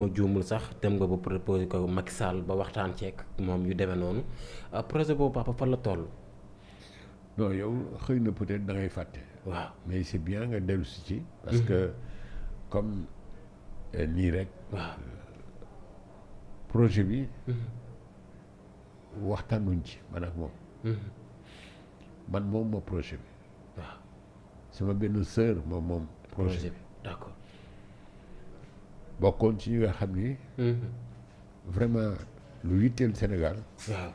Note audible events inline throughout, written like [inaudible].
moo juumul sax dem nga ba proposé ko Macky Sall ba waxtaan ceek moom yu demee noonu euh, projet boobu papa fan la toll. non yow xëy na peut-être da fàtte. waaw mais c'est bien nga dellu ci. parce mhm. que comme euh, nii rek. Euh, projet bi. waxtaanuñ ci man ak moom. Mhm. man moom moo projet bi. sama benn sœur moom moom. projet bi d'accord. bokkoon ci ñi nga xam ni. Mhm. vraiment lu yitteel Sénégal. waaw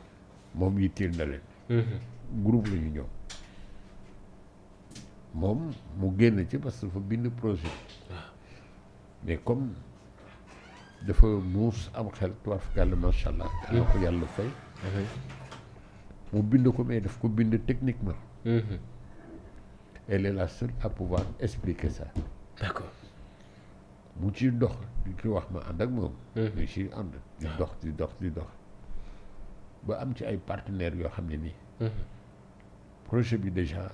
moom yitteel na leen. Mhm. groupe la ñu ñëw. moom mu génn ci parce que dafa bind projet. mais comme dafa muus am xel tubarfakàlla macha allah. dana ko mhm. yàlla fay. mu bind ko mais daf ko bind techniquement. elle est la seule à pouvoir expliquer ça. bu ci dox di ci wax ma ànd ak moom. di ci ànd di dox di dox di dox ba am ci ay partenaires yoo xam ne nii. projet bi déjà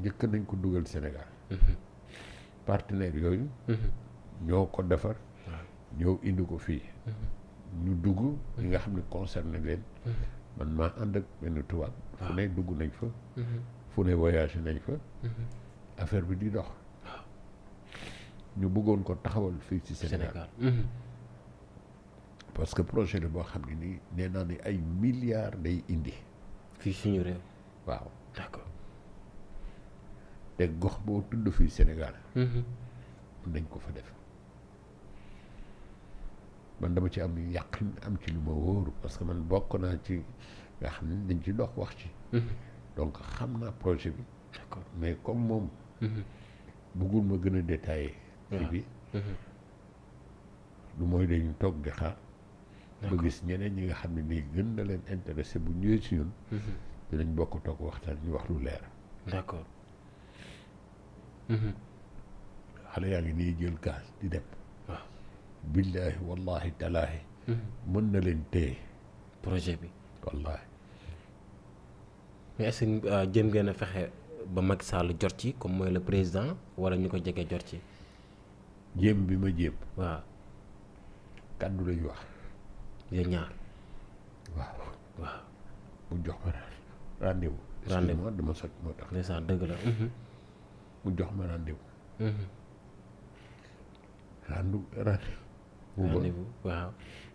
njëkk nañ ko dugal Sénégal. partenaires yooyu. ñoo ko defar. ñoo indi ko fii. ñu dugg ñi nga xam ne concerné leen. man maa ànd ak benn tubaab. fu ne dugg nañ fa. fu ne voyagé nañ fa. affaire bi di dox. ñu bëggoon ko taxawal fii ci Sénégal parce que projet la boo xam ne nii nee naa ne ay milliards day indi. fii suñu réew. waaw d'accord. te gox boo tudd fii Sénégal. Mm-hmm. nañ ko fa def man dama ci am yàqin am ci lu ma wóoru parce que man bokk naa ci nga xam ne dañ ci dox wax ci. Mm-hmm. donc xam naa projet bi. d'accord mais comme moom. Mm-hmm. bëggul ma gën a détaillé. ci bi mhm. lu mooy dañu toog di xaar ba gis ñeneen ñi nga xam ne nii gën na leen intéressé bu ñëwee ci ñun mhm. dinañ bokk toog waxtaan ñu wax lu leer d'accord mhm. xale yaa ngi nii jël kaas di dem waaw billaahi wallaahi talaahi mën na leen téye projet bi wallaahi mais est-ce euh, jëm ngeen a fexe ba Macky Sall jot ci comme mooy le président wala ñu ko jege jot ci jéem bi ma jéem. waaw kaddu lañu wax. yéen ñaar. waaw. waaw mu jox ma rendez vous. rendez vous dama sot moo tax. dëgg la. Mhm. mu jox ma rendez vous. Mhm. rendu waaw.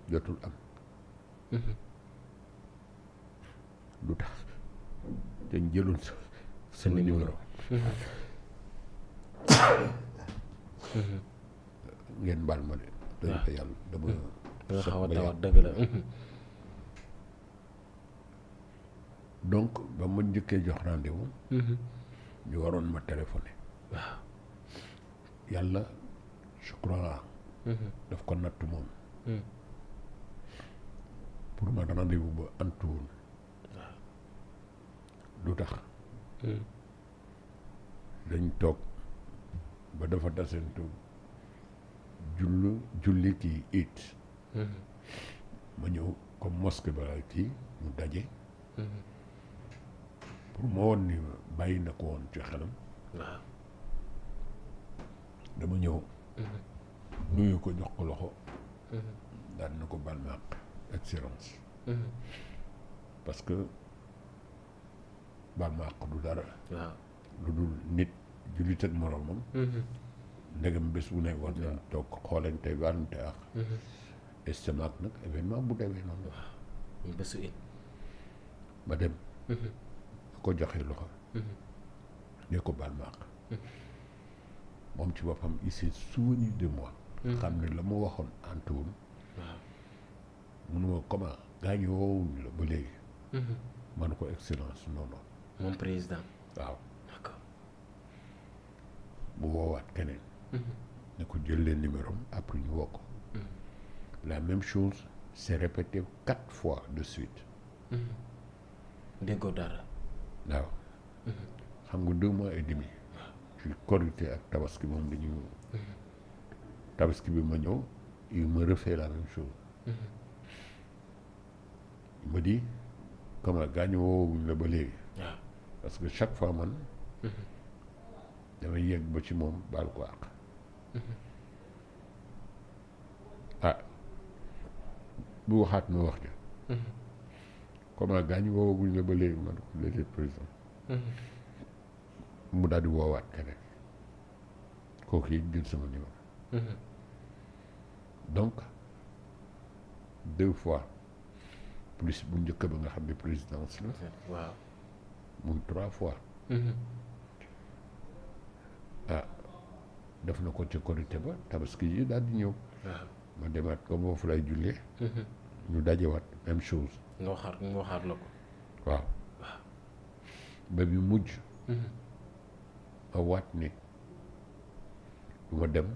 jotul am. lu mhm. tax dañ jëlul sa sa numéro. [coughs] ngeen baal ma de. waaw dëgg dama. Hmm. dama xaw a hmm. donc ba ma njëkkee jox rendez-vous. Hmm. ñu waroon ma téléphoné. waaw yàlla je crois. daf ko natt moom. pour man rendez-vous ba antuwul. waaw lu tax. dañ toog ba dafa dasantu jullu jullit yi it mm-hmm. ma ñëw comme mosquée ba kii mu daje mm-hmm. pour ma woon ni bàyyi na ko woon ci xelam dama ñëw mm-hmm. nuyu ko jox ko loxo daan na ko bal ma àq excellence que bal ma àq du dara lu dul nit jullit ak moroomam ndegam bés bu ne war nañ mm-hmm. toog xoolante warante ak mm-hmm. estomac nag événement bu demee noonu waaw bésu it ba dem mm-hmm. ko joxe loxo ne ko baal ma moom ci boppam il s'est de moi xam ne la mu waxoon antuwul mënuma comment gaañu woowuñu la ba léegi man ko excellence non moom président waaw d'accord bu woowaat keneen Mm-hmm. ne ko jël leen numéro après yu woo ko mm-hmm. la même chose s'est répétée quatre fois de suite mm-hmm. déggoo dara waaw xam nga deux mois et demi ci korité ak tabaski moom dañu tabaski bi ma ñëw il me refait la même chose il me dit comme gaañu woowuñ la ba léegi ah. parce que chaque fois man damay yegg ba ci moom baal ko àq Mm-hmm. ah bu waxaat ma wax ja mm-hmm. comment gaañ woowagul ne ba léegi man ko léegi président mm-hmm. mu daal di woowaat keneen kooku yi jël sama numéro donc deux fois plus bu njëkk ba nga xam ne présidence la waaw muy trois fois ah def na ko ci korité ba tabaski yi daal di ñëw. Uh-huh. ma demaat comme foofu lay jullee. Uh-huh. ñu dajewaat même chose. nga waxaat nga waxaat la ko. waaw. Uh-huh. ba bi mujj. ma waat ne du ma dem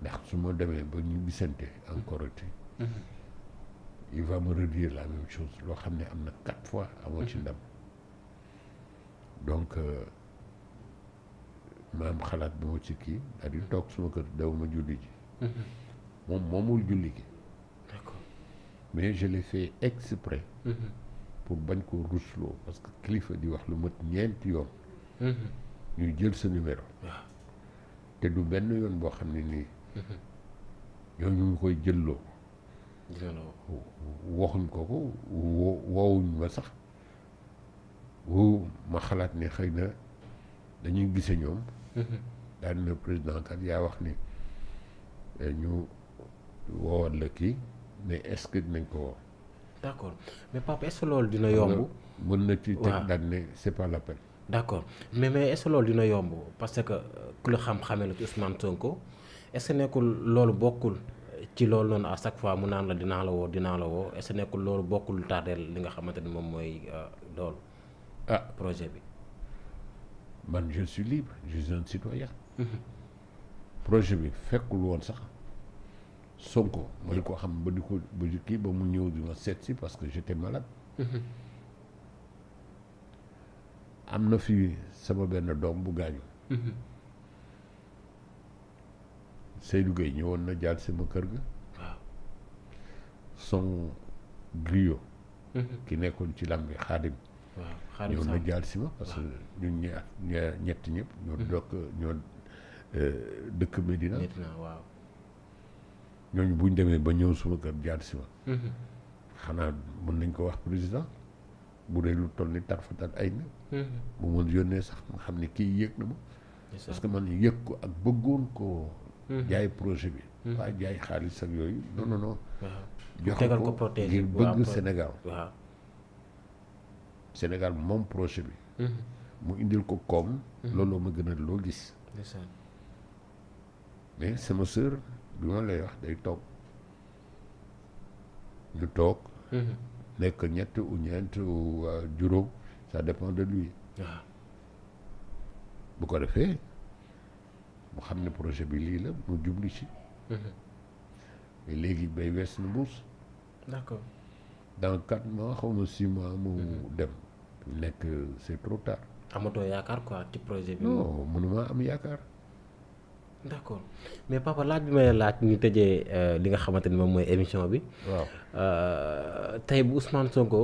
ndax su ma demee ba ñu gisante ak korité. il va me redire la même chose loo xam ne am na quatre fois. amoo ci ndam donc. Euh, ma am xalaat bi ma ci kii daal di toog suma kër daw ma julli ji mm-hmm. moom moomul julli gi mais je l'ai fait exprès mm-hmm. pour bañ ko rusloo parce que kilifa di wax lu mat ñeenti yoon mm-hmm. ñuy jël sa numéro te du benn yoon boo xam ne nii ñoo ñu ngi koy jëloo waxuñ ko ko wowuñ woowuñ ma sax woo ma xalaat ne xëy na dañuy gise ñoom Mm-hmm. daan le président kat yaa wax ni eh, ñu woowoon la kii mais est-ce ko woo. d'accord mais papa est loolu dina yomb. mën na ci teg daan ne c'est pas la peine. d'accord mais mais est loolu dina yomb parce que euh, ku la xam-xamee la ci Ousmane Sonko est nekkul loolu bokkul ci loolu noonu à chaque fois mu naan la dinaa la woo dinaa la woo est-ce nekkul loolu bokkul tardeel li nga xamante ni moom mooy euh, loolu. ah projet bi. man je suis libre je suis citoyen mhm. projet bi fekkul woon sax Sonko ma di ko xam ba di ko ba di kii ba mu ñëw di ma seet si parce que j'étais malade mhm. am na fi sama benn doom bu gaañu mhm. Seydou Gueye ñëwoon na jaar sama kër gi waaw son griot ki nekkoon ci lam bi xaadim waaw ñëw na jaal si ma parce que ñun ñi ak ñett ñëpp ñoo hmm. dokk ñoo euh, dëkk Medina ñooñu buñ demee ba ñëw suma kër jaal si ma hmm. xanaa mën nañ ko wax président bu dee lu toll ni tarfatal ay na hmm. bu mën yónnee sax nga xam ne kii yëg na ma parce que man yëg ko ak bëggoon ko jaay projet bi waa jaay xaalis ak yooyu non non non joxe ko ngir bëgg Sénégal Sénégal moom projet bi. Mhm. mu indil ko koom. Mhm. looloo ma gën a loo gis. mais sama sœur bi ma lay wax day toog ñu toog. Mhm. nekk ñett ou ñeent ou euh, juróom ça dépend de lui. Ah. bu ko defee mu xam ne projet bi lii la mu jubli ci. mais léegi bay wees na mbuus. d'accord dans quatre mois xaw ma six mois mu dem. lekk c'est trop tard. amatoo yaakaar quoi ci projet bi. non mënuma am yaakaar. d'accord mais papa laaj bi may laaj ñu tëjee euh, li nga xamante ni moom mooy émission bi. waaw euh, tey bu Ousmane Sonko